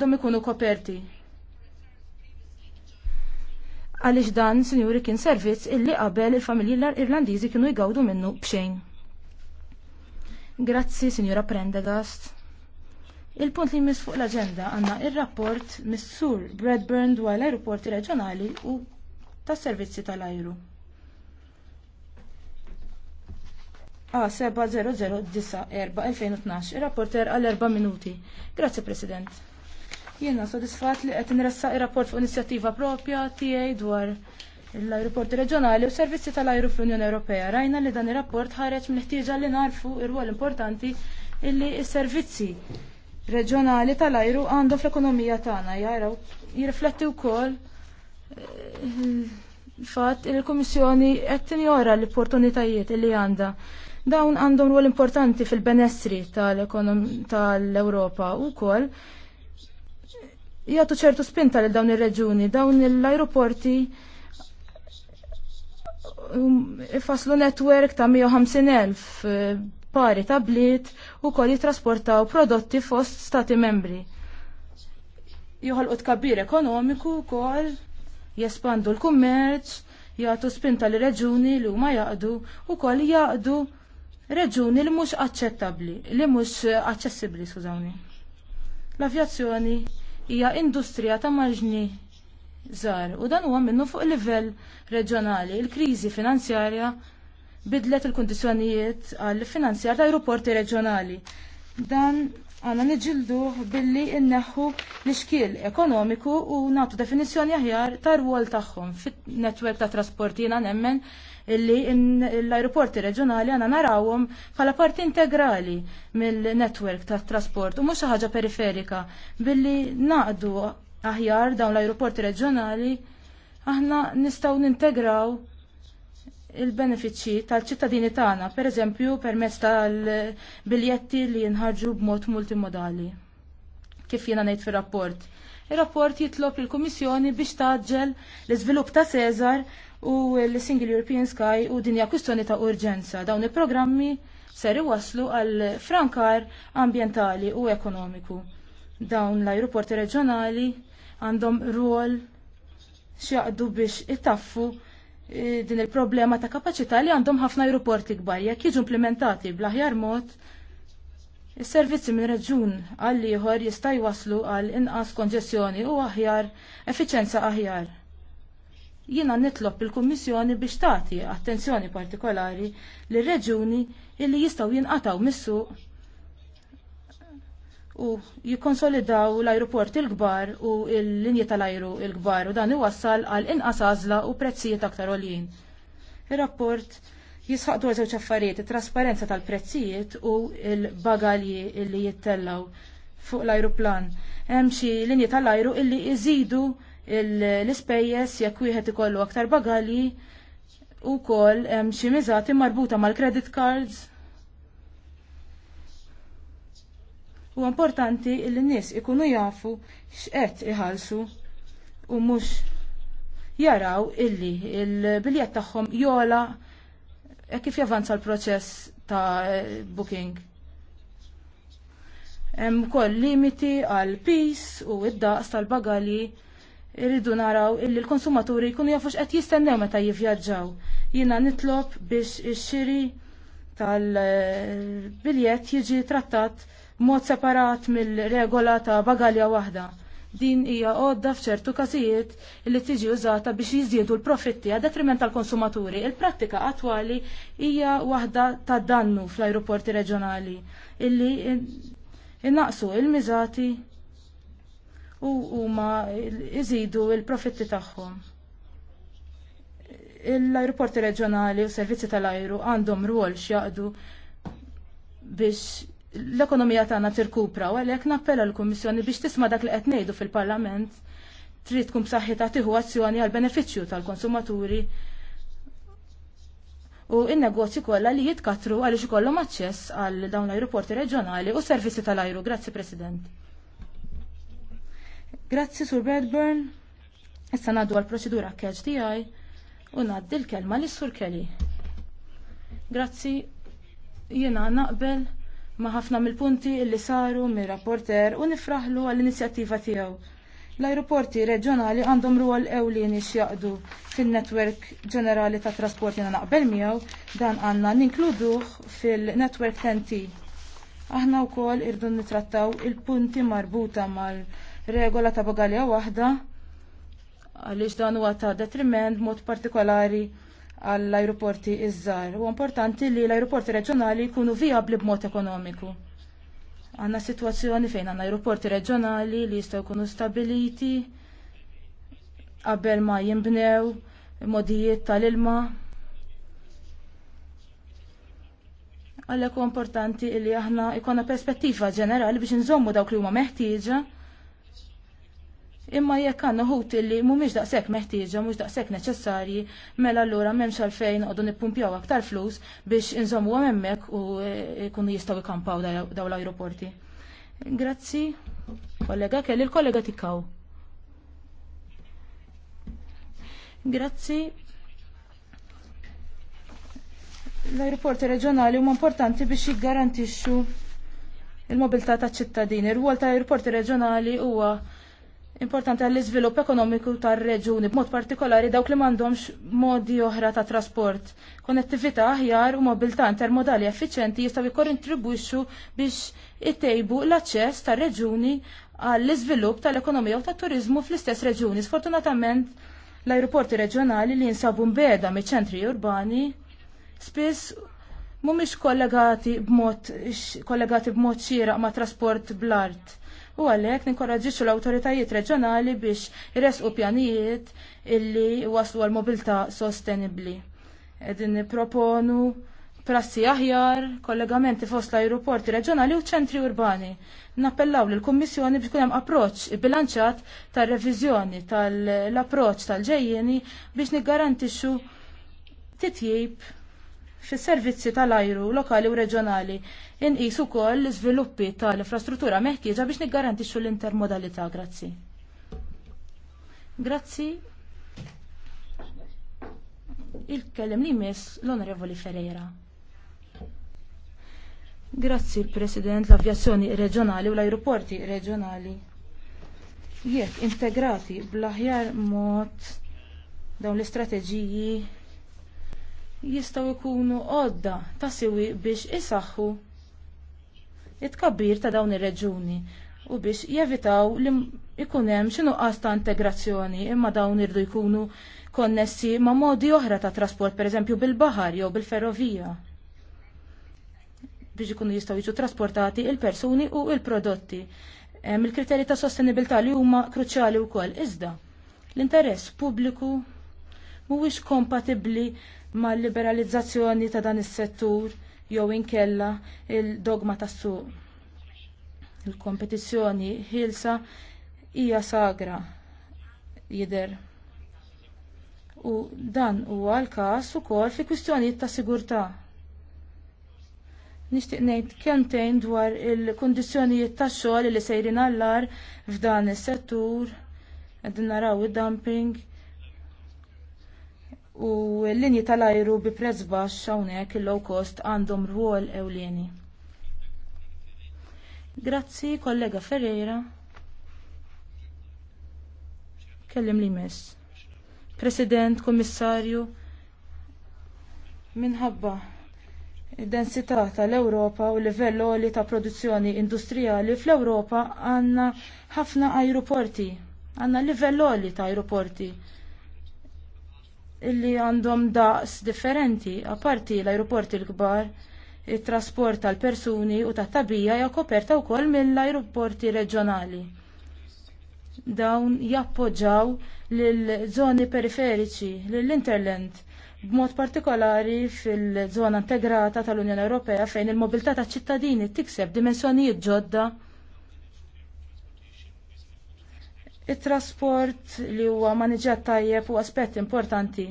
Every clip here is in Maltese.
dom ikunu koperti. Għaliex dan, sinjuri, kien servizz illi qabel il-familji irlandiżi kienu jgawdu minnu bxejn. Grazzi, sinjura Prendegast. Il-punt li mis fuq l-agenda għanna il-rapport mis-sur Bradburn dwar l-aeroporti reġjonali u tas servizzi tal-ajru. 7009 2012 il-rapporter għal erba' minuti. Grazie, President. Jiena sodisfat li qed nressaq ir-rapport fuq inizjattiva propja tiegħi dwar l-ajruporti reġjonali u servizzi tal-ajru fl-Unjoni Ewropea. Rajna li dan ir-rapport ħareġ mill-ħtieġa li narfu ir-rwol importanti illi s-servizzi reġjonali tal-ajru għandu fl-ekonomija tagħna jaraw jirrifletti wkoll eh, fatt il-Kummissjoni qed tinjora l-opportunitajiet li għandha. Dawn għandhom rwol importanti fil-benessri tal-Ewropa tal u wkoll jgħatu ċertu spinta lil dawn ir-reġuni, dawn l-aeroporti um, ifaslu netwerk ta' 150.000 eh, pari ta' blit u kol jitrasportaw prodotti fost stati membri. u tkabbir ekonomiku kol, jespandu l-kummerċ, jgħatu spinta li reġuni li huma jaqdu u kol jaqdu reġuni li mhux aċċettabbli, li mhux aċċessibbli, skużawni. L-avjazzjoni hija industrija ta' marġni żgħar u dan huwa minnu fuq livell reġjonali. Il-kriżi finanzjarja bidlet il-kundizzjonijiet għall finanzjar ta' aeroporti reġjonali. Dan għandna niġildu billi inneħħu l-iskil ekonomiku u nagħtu definizzjoni aħjar tar-rwol tagħhom fit-netwerk ta' jiena nemmen illi l-aeroporti reġjonali għana narawhom bħala parti integrali mill-netwerk tat trasport u mhux xi ħaġa periferika billi naqdu aħjar dawn l-aeroporti reġjonali aħna nistgħu nintegraw il-benefiċċji tal-ċittadini tagħna, pereżempju permezz tal-biljetti li jinħarġu b'mod multimodali. Kif jiena ngħid fir-rapport. Ir-rapport jitlob lill kummissjoni biex taġġel l-iżvilupp ta' Cesar u l-Single European Sky u dinja kwistjoni ta' urġenza. Dawn il-programmi ser waslu għal frankar ambientali u ekonomiku. Dawn l-aeroporti reġjonali għandhom rol xaqdu biex itaffu eh, din il-problema ta' kapacità li għandhom ħafna aeroporti kbar jekk jiġu implementati bl-aħjar mod Is-servizzi minn reġun għal ieħor jista' jwaslu għal inqas konġessjoni u aħjar effiċenza aħjar jiena nitlob il-Kummissjoni biex tagħti attenzjoni partikolari li reġuni illi jistgħu jinqataw mis-suq u jikkonsolidaw l-ajruport il-kbar u l-linji tal-ajru il-kbar u dan iwassal għal inqas għażla u prezzijiet aktar għoljin. Ir-rapport jisħaq dwar żewġ affarijiet, it-trasparenza tal-prezzijiet u l-bagalji li jittellaw fuq l-ajruplan. Hemm xi linji tal-ajru illi iżidu l-ispejjeż jekk wieħed ikollu aktar bagali u hemm xi miżati marbuta mal-credit cards. U importanti li n-nies ikunu jafu x'qed iħallsu u mhux jaraw illi il-biljett tagħhom jola e kif javanza l-proċess ta' booking. Hemm ukoll limiti għal peace u id-daqs tal-bagali Irridu naraw illi l-konsumaturi jkunu jafux qed jistennew meta jivvjaġġaw. Jiena nitlob biex ix-xiri tal-biljett jiġi trattat mod separat mill-regola ta' bagalja waħda. Din hija għodda f'ċertu każijiet li tiġi użata biex jiżjiedu l-profitti għad detriment tal-konsumaturi. Il-prattika attwali hija waħda ta' dannu fl-ajruporti reġjonali illi innaqsu il-miżati u huma iżidu il-profitti tagħhom. L-ajruporti reġjonali u servizzi tal-ajru għandhom rwol x'jaqdu biex l-ekonomija tagħna tirkupra u għalhekk nappella l-Kummissjoni biex tisma' dak li qed ngħidu fil-Parlament trid tkun b'saħħitha tieħu azzjoni għal benefiċċju tal-konsumaturi u n-negozji kollha li jitkatru għaliex ikollhom aċċess għal dawn l-ajruporti reġjonali u servizzi tal-ajru. Grazzi President. Grazzi Sur Bradburn. Issa naddu għal proċedura catch DI u naddi l-kelma li Sur Kelly. Grazzi jiena naqbel ma ħafna mill-punti li saru mir rapporter u nifraħlu għall-inizjattiva tiegħu. L-aeroporti reġjonali għandhom rwol ewlieni x'jaqdu fin-netwerk ġenerali ta' trasport jiena naqbel miegħu dan għandna ninkluduh fil-netwerk TNT. Aħna wkoll irdu nitrattaw il-punti marbuta mal- regola ta' bagalja waħda għaliex dan huwa ta' detriment mod partikolari għall ajruporti iż-żgħar. Huwa importanti li l-ajruporti reġjonali jkunu vijabbli b'mod ekonomiku. Għandna sitwazzjoni fejn għandna ajruporti reġjonali li jistgħu jkunu stabiliti qabel ma jinbnew modijiet tal-ilma. Għalhekk importanti li aħna jkollna perspettiva ġenerali biex nżommu dawk li huma meħtieġa Imma jekk għandna ħuti li mhumiex daqshekk meħtieġa, mhux daqshekk neċessarji, mela allura m'hemmx għalfejn qogħdu nippumpjaw aktar flus biex inżommuhom hemmhekk u jkunu eh, jistgħu jkampaw daw l-ajruporti. Grazzi, kollega, kelli l-kollega tikkaw. Grazzi. L-ajruporti reġjonali huma importanti biex jiggarantixxu il-mobilità taċ-ċittadini. Ir-rwol ta' ajruporti reġjonali huwa importanti għall iżvilupp ekonomiku tar-reġuni b'mod partikolari dawk li m'għandhomx modi oħra ta' trasport. Konnettività aħjar u mobilità intermodali effiċenti jistgħu jikkontribwixxu biex ittejbu l-aċċess tar-reġuni għall iżvilupp tal-ekonomija u tat-turiżmu fl-istess reġuni. Sfortunatament l-ajruporti reġjonali li jinsabu mbeda miċ-ċentri urbani spiss mhumiex kollegati b'mod kollegati b'mod xieraq ma' trasport bl-art u għalhekk ninkorraġiċu l-awtoritajiet reġjonali biex jresqu pjanijiet illi waslu għal mobilità sostenibbli. Qegħdin nipproponu prassi aħjar, kollegamenti fost l-ajruporti reġjonali u ċentri urbani. Nappellaw lill kummissjoni biex hemm approċċ bilanċat tar-reviżjoni tal-approċċ tal-ġejjeni biex niggarantixxu titjib fis-servizzi tal-ajru lokali u reġjonali inqis ukoll l-iżviluppi tal-infrastruttura meħtieġa biex niggarantixxu l-intermodalità. Grazzi. Grazzi. Il-kellem li miss l-Onorevoli Ferreira. Grazzi, President, l-avjazzjoni reġjonali u l-aeroporti reġjonali jekk integrati bl-aħjar mod dawn l-istrateġiji jistgħu jkunu għodda ta' siwi biex isaħħu it-kabbir ta' dawn ir-reġuni u biex jevitaw li ikunem hemm għasta ta' integrazzjoni imma dawn irdu jkunu konnessi ma' modi oħra ta' trasport, pereżempju bil-baħar jew bil-ferrovija. Biex ikunu jistgħu jiġu trasportati l persuni u l prodotti il-kriterji ta' sostenibilità li huma kruċjali wkoll iżda l-interess pubbliku mhuwiex kompatibbli mal-liberalizzazzjoni ta' dan is-settur jew inkella il-dogma tas-suq. Il-kompetizzjoni ħilsa hija sagra jidher. U dan huwa l-każ ukoll fi kwistjonijiet ta' sigurtà. Nixtieq ngħid kentejn dwar il-kundizzjonijiet tax-xogħol li sejrin allar f'dan is-settur qegħdin naraw id-dumping u l-linji tal-ajru bi prezz baxx hawnhekk il-low cost għandhom rwol ewlieni. Grazzi, kollega Ferreira. Kellim li mess. President, Kommissarju, minħabba id-densità tal-Ewropa u livell għoli ta' produzzjoni industrijali fl-Ewropa għandna ħafna ajruporti, għandna livell għoli ta' ajruporti illi għandhom daqs differenti, apparti l-aeroporti l-kbar, it-trasport tal-persuni u tat tabija hija koperta wkoll mill-aeroporti reġjonali. Dawn jappoġġaw lil-żoni periferiċi, lill-Interland, b'mod partikolari fil-żona integrata tal-Unjoni Ewropea fejn il-mobilità taċ-ċittadini tikseb dimensjonijiet ġodda it-trasport li huwa maniġat tajjeb u aspett importanti.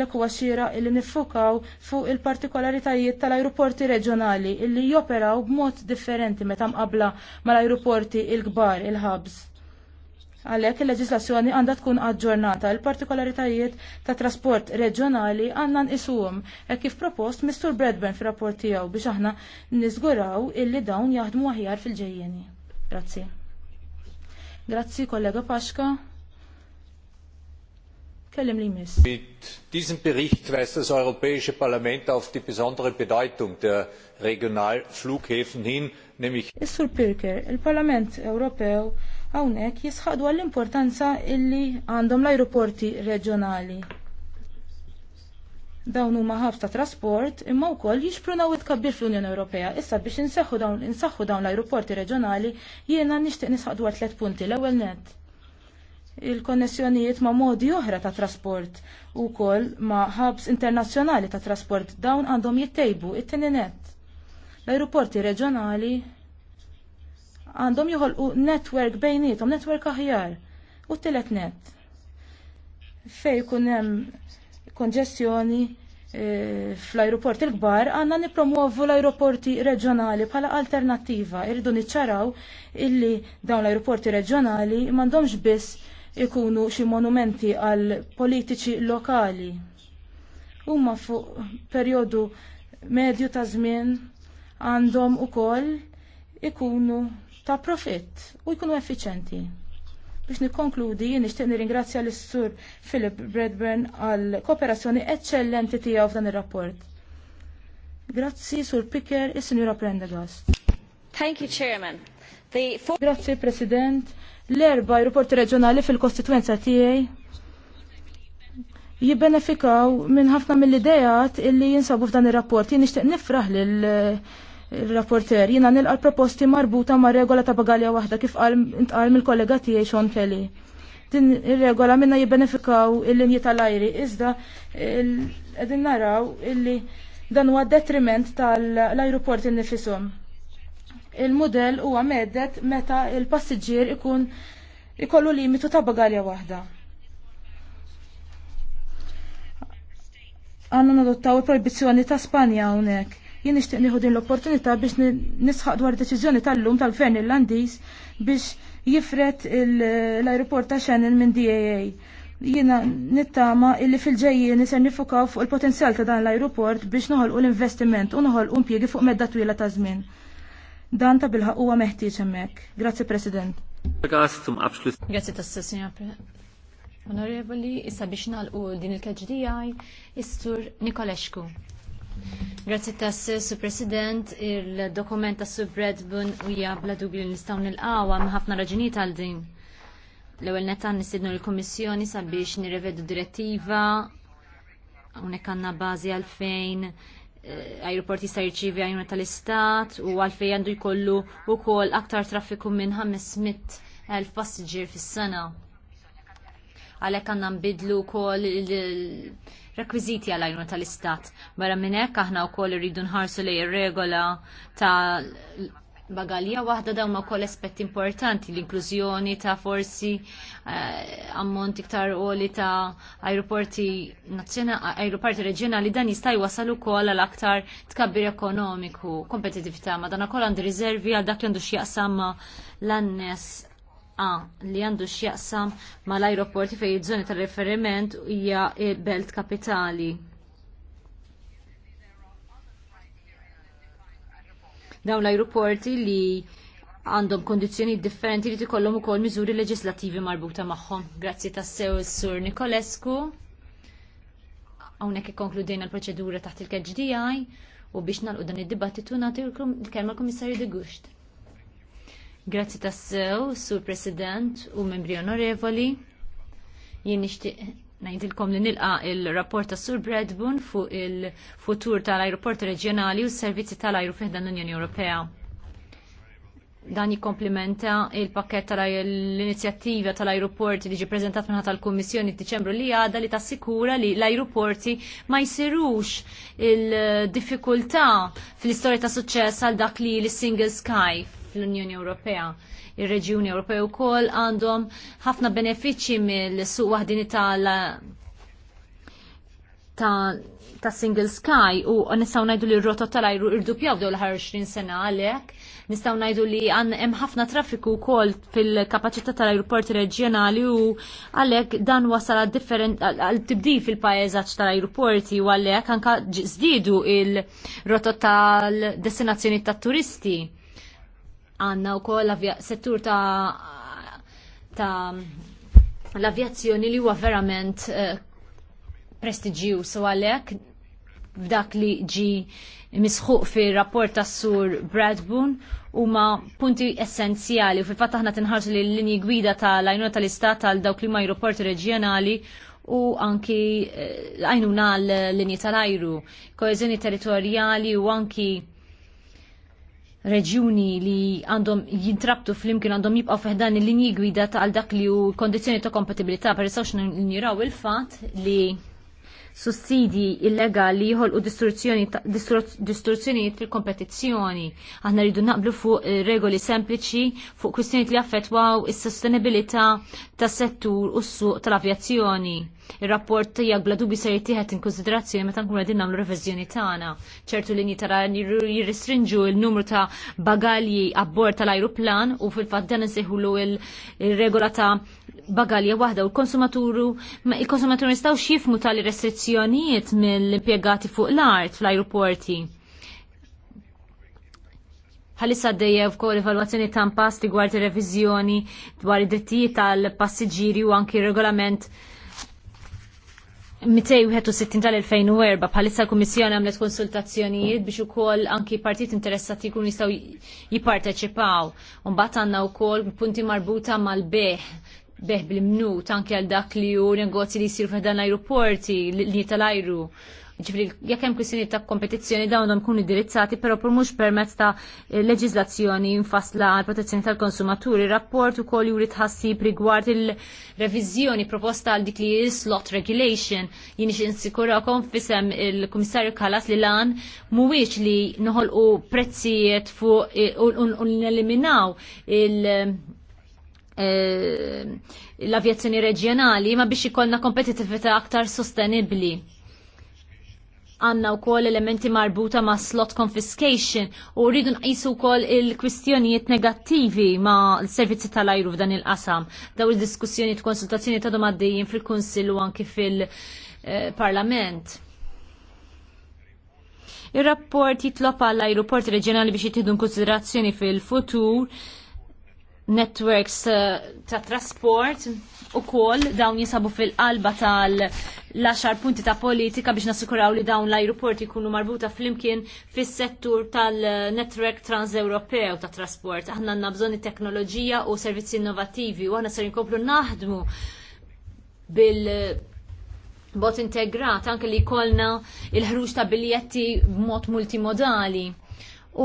Lek huwa xira li niffokaw fuq il-partikolaritajiet tal-ajruporti reġjonali illi joperaw b'mod differenti meta mqabla mal-ajruporti il-kbar il-ħabs. Għalhekk il-leġislazzjoni għandha tkun aġġornata il-partikolaritajiet ta' trasport reġjonali għandna nqisuhom hekk kif propost Mr. Bradburn fir-rapport tiegħu biex aħna niżguraw illi dawn jaħdmu aħjar fil-ġejjeni. Grazzi. Grazzi, kollega Paxka. Kellim li miss. Mit diesem Bericht weist das Europäische Parlament auf die besondere Bedeutung der Regionalflughäfen hin, nämlich... is Pirker, il-Parlament Ewropew hawnhekk jisħadu għall-importanza illi għandhom l-ajruporti reġjonali dawn huma ħabs ta' trasport imma wkoll jixprunaw it-kabbir fl-Unjoni Ewropea. Issa biex insaħħu dawn insaħħu dawn l-ajruporti reġjonali jiena nixtieq nisħaq dwar tliet punti l-ewwel net. Il-konnessjonijiet ma' modi oħra ta' trasport u wkoll ma' ħabs internazzjonali ta' trasport dawn għandhom jittejbu it-tieni net. L-ajruporti reġjonali għandhom joħolqu netwerk bejnietom, netwerk aħjar u t-tielet net. Fej kun hemm konġestjoni eh, fl ajruport l-kbar għanna nipromuovu l ajruporti reġjonali bħala alternattiva. Irridu niċċaraw illi dawn l ajruporti reġjonali m'għandhomx biss ikunu xi monumenti għal politiċi lokali. Huma fuq perjodu medju ta' żmien għandhom ukoll ikunu ta' profitt u jkunu effiċenti. Biex nikkonkludi, nixtieq nirringrazzja l-Sur Philip Bradburn għal kooperazzjoni eccellenti tiegħu f'dan ir-rapport. Grazzi, Sur Picker, is-Sinjura Prendegast. Thank you, Chairman. The... Grazzi, President. L-erba aeroporti reġjonali fil-kostituenza tiegħi jibbenefikaw minn ħafna mill-idejat illi jinsabu f'dan ir-rapport. Jien nixtieq nifraħ lil il-rapporter, jina nilqa proposti marbuta ma' regola ta' bagalja wahda kif intqal mill-kollega tiegħi Sean Kelly. Din ir-regola minna jibbenefikaw il-linji tal-ajri, iżda qegħdin naraw illi dan huwa detriment tal-ajruport il-nifisum. il model huwa medet meta il-passiġġier ikun ikollu limitu ta' bagalja waħda. Għanna nadottaw il-proibizjoni ta' Spanja hawnhekk Jien nixtieq nieħu din l-opportunità biex nisħaq dwar deċiżjoni tal-lum tal-Gvern Irlandiż biex jifret l-aeroport ta' Shannon minn DAA. Jiena nittama illi fil-ġejjien nisser nifukaw fuq il-potenzjal ta' dan l-aeroport biex noħolqu l-investiment u noħolqu impjiegi fuq medda twila ta' żmien. Dan ta' bilħaq huwa meħtieġ hemmhekk. Grazzi President. Grazzi tas-sessinja Onorevoli, issa biex nalqu din il-keġdijaj, istur Nikolescu. Grazzi tas Sur President, il-dokument tas Sur Bradburn u bla dubju nistaw nil-qawa ħafna raġuni għal din. L-ewwel netta nisidnu l komissjoni sabiex nirrevedu direttiva hawnhekk għandna bażi għalfejn eh, ajruport jista' jirċievi għajnuna tal-istat u għalfejn għandu jkollu wkoll aktar traffiku minn 500 elf passiġġier fis-sena għalhekk għandna nbidlu wkoll il-rekwiżiti għal tal-istat. Barra minn hekk aħna wkoll rridu nħarsu li ir-regola ta' bagalija waħda dawn ma kol aspetti importanti, l-inklużjoni ta' forsi eh, ammont iktar li ta' aeroporti aeroporti reġjonali dan jista' jwasal ukoll għal aktar tkabbir ekonomiku, kompetitivita' ma dan ukoll għandi riservi għal dak li għandu x'jaqsam l-annes A li għandu x'jaqsam mal-ajruporti fejn iż-żoni ta' referiment hija il-Belt Kapitali. Dawn l-ajruporti li għandhom kondizjoni differenti li tikollhom ukoll miżuri leġislattivi marbuta magħhom. Grazzi tas sew sur Nikolescu. Hawnhekk ikkonkludejna l-proċedura taħt il-KGDI u biex nagħlqu dan id-dibattitu nagħti l-kelma l-Kummissarju De Grazzi tassew, Sur President u membri onorevoli. Jien nixtieq ngħidilkom li nilqa il-rapport ta' Sur Bradburn fuq il-futur tal-aeroport reġjonali u s-servizzi tal-ajru dan l-Unjoni Ewropea. Dan jikkomplimenta il-pakket tal-inizjattiva tal-aeroporti li ġi prezentat minna tal-Kommissjoni f'Diċembru li għadha li tassikura li l-aeroporti ma jsirux il-diffikultà fl-istorja ta' suċċess għal dak li l-Single Sky fl-Unjoni Ewropea. Ir-Reġjuni Ewropea wkoll għandhom ħafna benefiċċji mill-suq waħdini tal ta' ta' single sky u nistaw najdu li r-rotot tal-ajru irdupjaw dew l 20 sena għalek. Nistaw najdu li għan hemm ħafna traffiku kol fil-kapacità tal-ajruporti reġjonali u għalek dan wasal għal tibdil fil-pajeżaġġ tal-ajruporti u għalek anka żdiedu il-rotot tal-destinazzjoni tat-turisti għanna u koll settur ta', ta l-avjazzjoni li huwa verament uh, eh, prestiġju so għalek f'dak li ġi misħuq fir rapport tas sur Bradburn huma punti essenzjali u fil-fatt aħna tinħarsu li l-linji gwida tal-għajnuna tal-istat tal dawk li ma aeroporti reġjonali u anki l-għajnuna eh, l-linji tal-ajru, koezjoni territorjali u anki reġjuni li għandhom jintrabtu fl-imkien għandhom jibqaw fiħdan il-linji gwida ta' għal dak li hu kondizzjoni ta' kompatibilità per niraw il-fatt li sussidji illegali jħolqu distruzzjonijiet fil-kompetizzjoni. Aħna rridu naqblu fuq eh, regoli sempliċi fuq kwistjonijiet li affettwaw is-sostenibilità tas-settur u s-suq tal-avjazzjoni. Ir-rapport tiegħek bla dubi se jittieħed in konsiderazzjoni meta nkunu qegħdin nagħmlu reviżjoni tagħna. ċertu linji tara jirrestrinġu il numru ta' bagalji abbord tal-ajruplan u fil-fatt dan insejħulu il-regola ta' bagalja waħda u l-konsumaturu, il-konsumaturu nistaw xifmu tali restrizzjonijiet mill-impiegati fuq l-art fl-aeroporti. d-dajja u evalwazzjoni ta' impass rigward ir-reviżjoni dwar id-drittijiet tal-passiġġieri u anki regolament 261 tal-2004 bħalissa l-Kummissjoni għamlet konsultazzjonijiet biex ukoll anki partit interessati jkunu jistgħu jipparteċipaw. Mbagħad għandna wkoll punti marbuta mal-beħ beħ bil-mnut anke għal dak li hu negozji li jsiru f'dan l-ajruporti li tal-ajru. Ġifri, jekk hemm kwistjoni ta' kompetizzjoni dawnhom hemm kunu indirizzati, però pur mhux permezz ta' leġiżlazzjoni infasla għal protezzjoni tal-konsumaturi. Rapport ukoll juri tħassib rigward il-reviżjoni proposta għal dik li slot regulation jien insikurakom fisem il-Kummissarju Kalas li lan mhuwiex li noħolqu prezzijiet fuq u neliminaw il- Eh, l-avjazzjoni reġjonali ma biex ikollna kompetitività aktar sostenibbli. Għanna wkoll elementi marbuta ma' slot confiscation u rridu nqisu wkoll il-kwistjonijiet negattivi ma' l-servizzi tal-ajru f'dan il-qasam. Daw il-diskussjoni konsultazzjoni ta' għaddejjin fil-Kunsill u anki fil-Parlament. Il-rapport jitlob għall ajruport reġjonali biex jitħidu konsiderazzjoni fil-futur networks eh, ta' trasport u kol dawn jisabu fil-qalba tal-10 punti ta' politika biex nasikuraw li dawn l-aeroporti jkunu marbuta fl-imkien fil-settur tal-network trans-Ewropew ta' trasport. Aħna għanna bżonni teknoloġija u servizzi innovativi u għanna ser inkomplu naħdmu bil bot integrat anke li kolna il-ħruġ ta' biljetti b'mod multimodali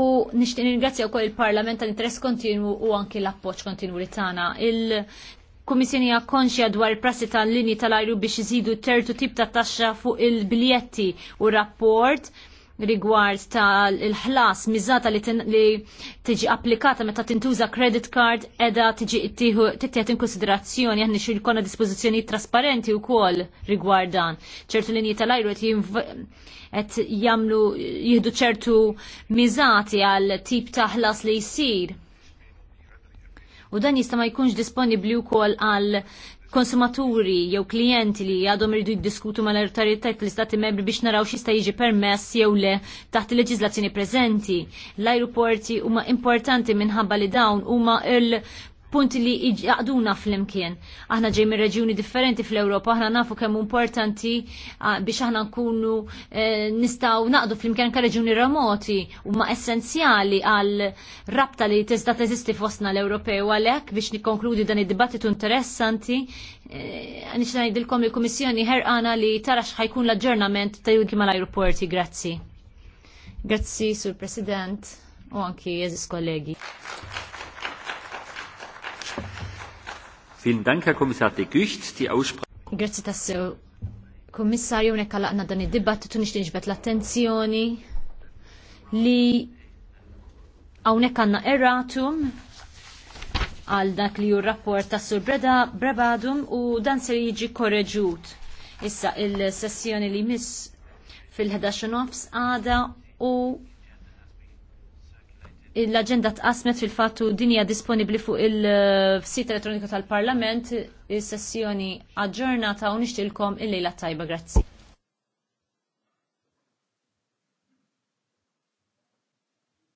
u nixtieq u wkoll il-Parlament tal-interess kontinwu u anki l-appoġġ kontinu li tagħna. Il-Kummissjoni konxja dwar il-prassi tal-linji tal-ajru biex iżidu tertu tip ta' taxxa fuq il-biljetti u rapport rigward tal il-ħlas mizzata li, li tiġi applikata meta tintuża credit card edha tiġi tittieħed in konsiderazzjoni aħna xi jkollna dispożizzjoni trasparenti wkoll rigward dan. ċertu linji tal-ajru qed jagħmlu jieħdu ċertu miżati għal tip ta' ħlas li jsir. U dan jista' ma jkunx disponibbli wkoll għal konsumaturi jew klijenti li għadhom irridu jiddiskutu mal autoritajiet fl istati membri biex naraw xista jiġi permess jew le taħt il-leġiżlazzjoni preżenti. L-ajruporti huma importanti minħabba li dawn huma il punti li jaqduna fl-imkien. Aħna ġej minn reġjuni differenti fl-Ewropa, aħna nafu kemm importanti biex aħna nkunu e, nistgħu naqdu fl-imkien ka reġjuni remoti huma essenzjali għal rabta li tista' teżisti fostna l u għalhekk biex nikkonkludi dan id-dibattitu interessanti. E, Nix ngħidilkom il komissjoni ħerqana li tara x'ħajkun l-aġġornament ta' kima l-ajruporti, grazzi. Grazzi, Sur President, u anki jeżis kollegi. Vielen Dank, Herr Kommissar de Gucht. Die Aussprache. Grazie tassew. Kommissarju, nekka laqna dan id-dibattitu nix nġbet l-attenzjoni li għawnek għanna erratum għal dak li ju rapport ta' sur Brebadum u dan se jiġi korreġut. Issa il-sessjoni li miss fil-11 nofs għada u l-agenda tqasmet fil-fattu dinja disponibli fuq il-sit elettroniku tal-Parlament, il-sessjoni aġġornata u nixtilkom il-lejla tajba, grazzi.